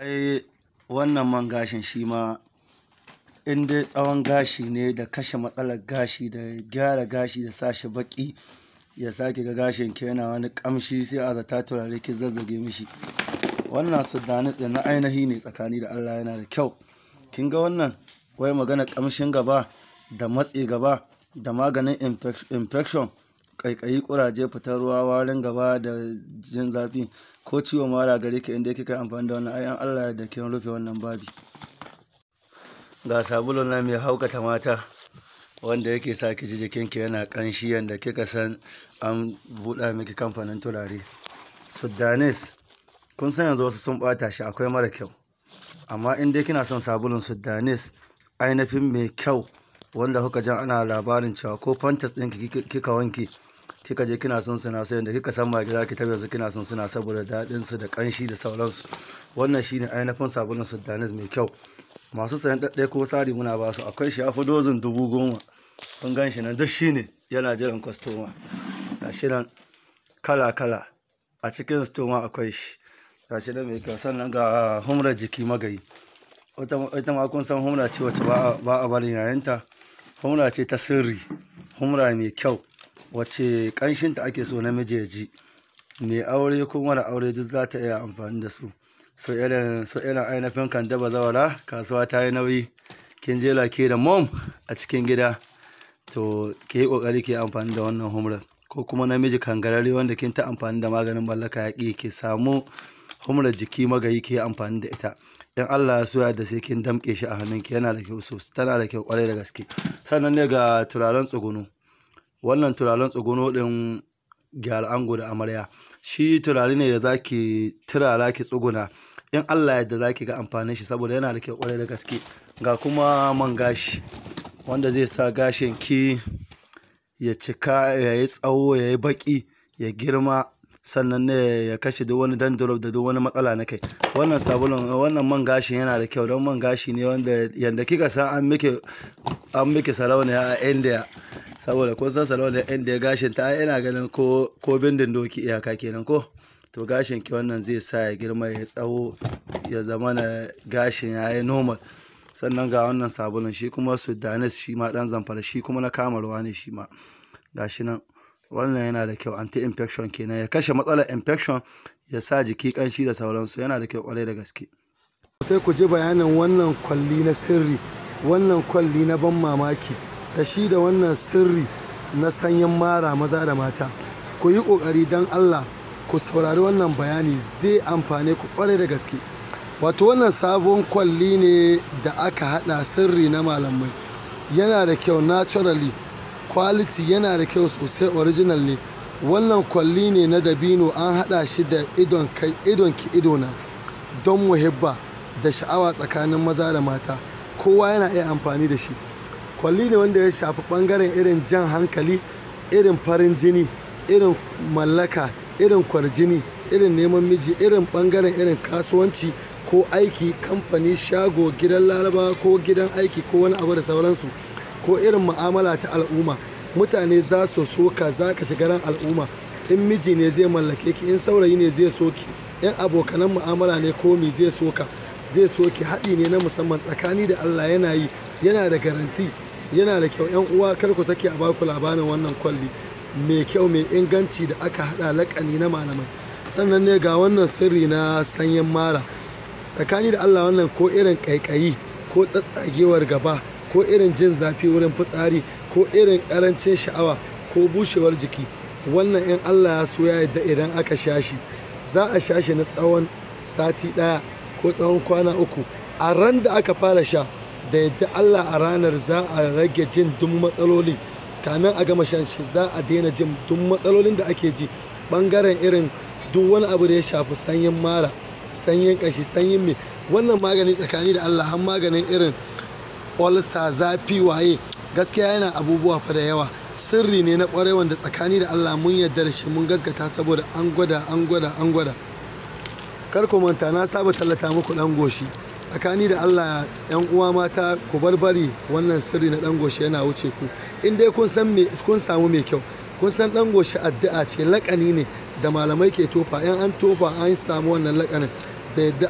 Ai wannan man gashin shi ma in dai tsawon gashi ne da kashe matsalar gashi da gyara gashi da sa shi baki ya sake ga gashin ki yana wani kamshi sai a zata turare ki zazzage mishi wannan sudanitse na ainihi ne tsakani da Allah yana da kyau kin ga wannan wai magana kamshin gaba da matsi gaba da maganin infection ƙaiƙayi ƙuraje fitar ruwa warin gaba da jin zafi ko ciwon mara gare ka inda kika amfani da wannan ayan Allah da kin rufe wannan babi ga sabulun nan mai haukata mata wanda yake sa ki ji jikinki yana ƙanshi yanda kika san an buɗa miki kamfanin turare Sudanes kun san yanzu wasu sun bata shi akwai mara kyau amma inda kina son sabulun sudanes ainihin mai kyau wanda kuka jan ana labarin cewa ko fantas ɗin kika wanke kika je kina son suna sai da kika san magi zaki tabbata kina son suna saboda daɗin su da ƙanshi da sauransu wannan shine ainihin sabulun sultanis mai kyau masu sayan ɗaɗɗe ko sari muna ba su akwai shi fi dozin dubu goma kun gan shi nan duk shine yana jiran kwastoma ga shi nan kala kala a cikin stoma akwai shi ga shi nan mai kyau sannan ga humra jiki magayi ita ma kun san humra ce wacce ba a barin yayinta humra ce ta sirri humra mai kyau Wace kanshin ta ake so namiji ya ji mai aure ko mara aure duk za ta iya amfani da su so irin so irin ainihin kan daba zawara kasuwa ta yi nauyi kin je lake da mom a cikin gida to ke yi kokari ke amfani da wannan humra ko kuma namiji kangarare wanda kin ta amfani da maganin mallaka yaki ke samu humra jiki magayi ke amfani da ita in Allah ya soya da sai kin damke shi a hannunki yana da kyau sosai tana da kyau kwarai da gaske sannan ne ga turaren tsugunu wannan turaren tsuguno din gyara ango da amarya shi turare ne da zaki turara ki tsuguna in allah yadda zaki ga amfanin shi saboda yana da kyau kwarai da gaske ga kuma man gashi wanda zai sa gashin ki ya cika ya yi tsawo ya yi baki ya girma sannan ne ya kashe duk wani dandruff da duk wani matsala na kai wannan sabulun wannan man gashin yana da kyau don man gashi ne wanda yanda kika san an miki an miki sarauniya a india saboda kun san salon da inda ya gashin ta yana ganin ko bindin doki iyaka kenan ko to gashin ki wannan zai sa ya girma ya tsawo ya zama na gashin ya yi normal sannan ga wannan sabulun shi kuma danis shi ma dan zamfara shi kuma na kamarwa ne shi ma gashi nan wannan yana da kyau anti infection kenan ya kashe matsalar infection ya sa jiki kanshi da sauransu yana da kyau kwarai da gaske sai ku ji bayanin wannan kwalli na sirri wannan kwalli na ban mamaki da shi da wannan sirri na sanyin mara maza da mata ku yi ƙoƙari don allah ku saurari wannan bayani zai amfane ku kware da gaske wato wannan sabon kwalli ne da aka haɗa sirri na malamai yana da kyau naturally quality yana da kyau sosai original ne wannan kwalli ne na dabino an haɗa shi da idon kai idon ki idona don muhibba da sha'awa tsakanin maza da mata kowa yana iya amfani da shi kwalli ne wanda ya shafi bangaren irin jan hankali irin farin jini irin mallaka irin kwarjini irin neman miji irin bangaren irin kasuwanci ko aiki kamfani shago gidan laraba ko gidan aiki ko wani abu da sauransu ko irin mu'amala ta al'umma mutane za su soka za ka shiga ran al'umma in miji ne zai mallake ki in saurayi ne zai soki in abokanan mu'amala ne ko mi zai soka zai soki haɗi ne na musamman tsakani da allah yana yi yana da garanti yana da kyau yan uwa kar ku sake a baku labarin wannan kwalli mai kyau mai inganci da aka hada lakani na malamai sannan ne ga wannan sirri na sanyin mara tsakani da allah wannan ko irin kaikayi ko tsatsagewar gaba ko irin jin zafi wurin fitsari ko irin karancin sha'awa ko bushewar jiki wannan in allah ya so ya yadda idan aka sha shi za a sha shi na tsawon sati ɗaya ko tsawon kwana uku a ran da aka fara sha da yadda Allah a ranar za a rage jin duk matsaloli kamin a gama shan shi za a daina jin duk matsalolin da ake ji bangaren irin duk wani abu da ya shafi sanyin mara sanyin kashi sanyin mai wannan magani tsakani da Allah har maganin irin olsa zafi waye gaskiya yana abubuwa fa da yawa sirri ne na kwarai wanda tsakani da Allah mun yarda da shi mun gaskata saboda an gwada an gwada an gwada kar ku manta na saba tallata muku dan goshi tsakani da allah yan uwa mata ku bar bari wannan sirri na dan yana wuce ku in dai kun san me kun samu mai kyau kun san dangoshi addu'a ce lakani ne da malamai ke tofa yan an tofa an samu wannan lakanin da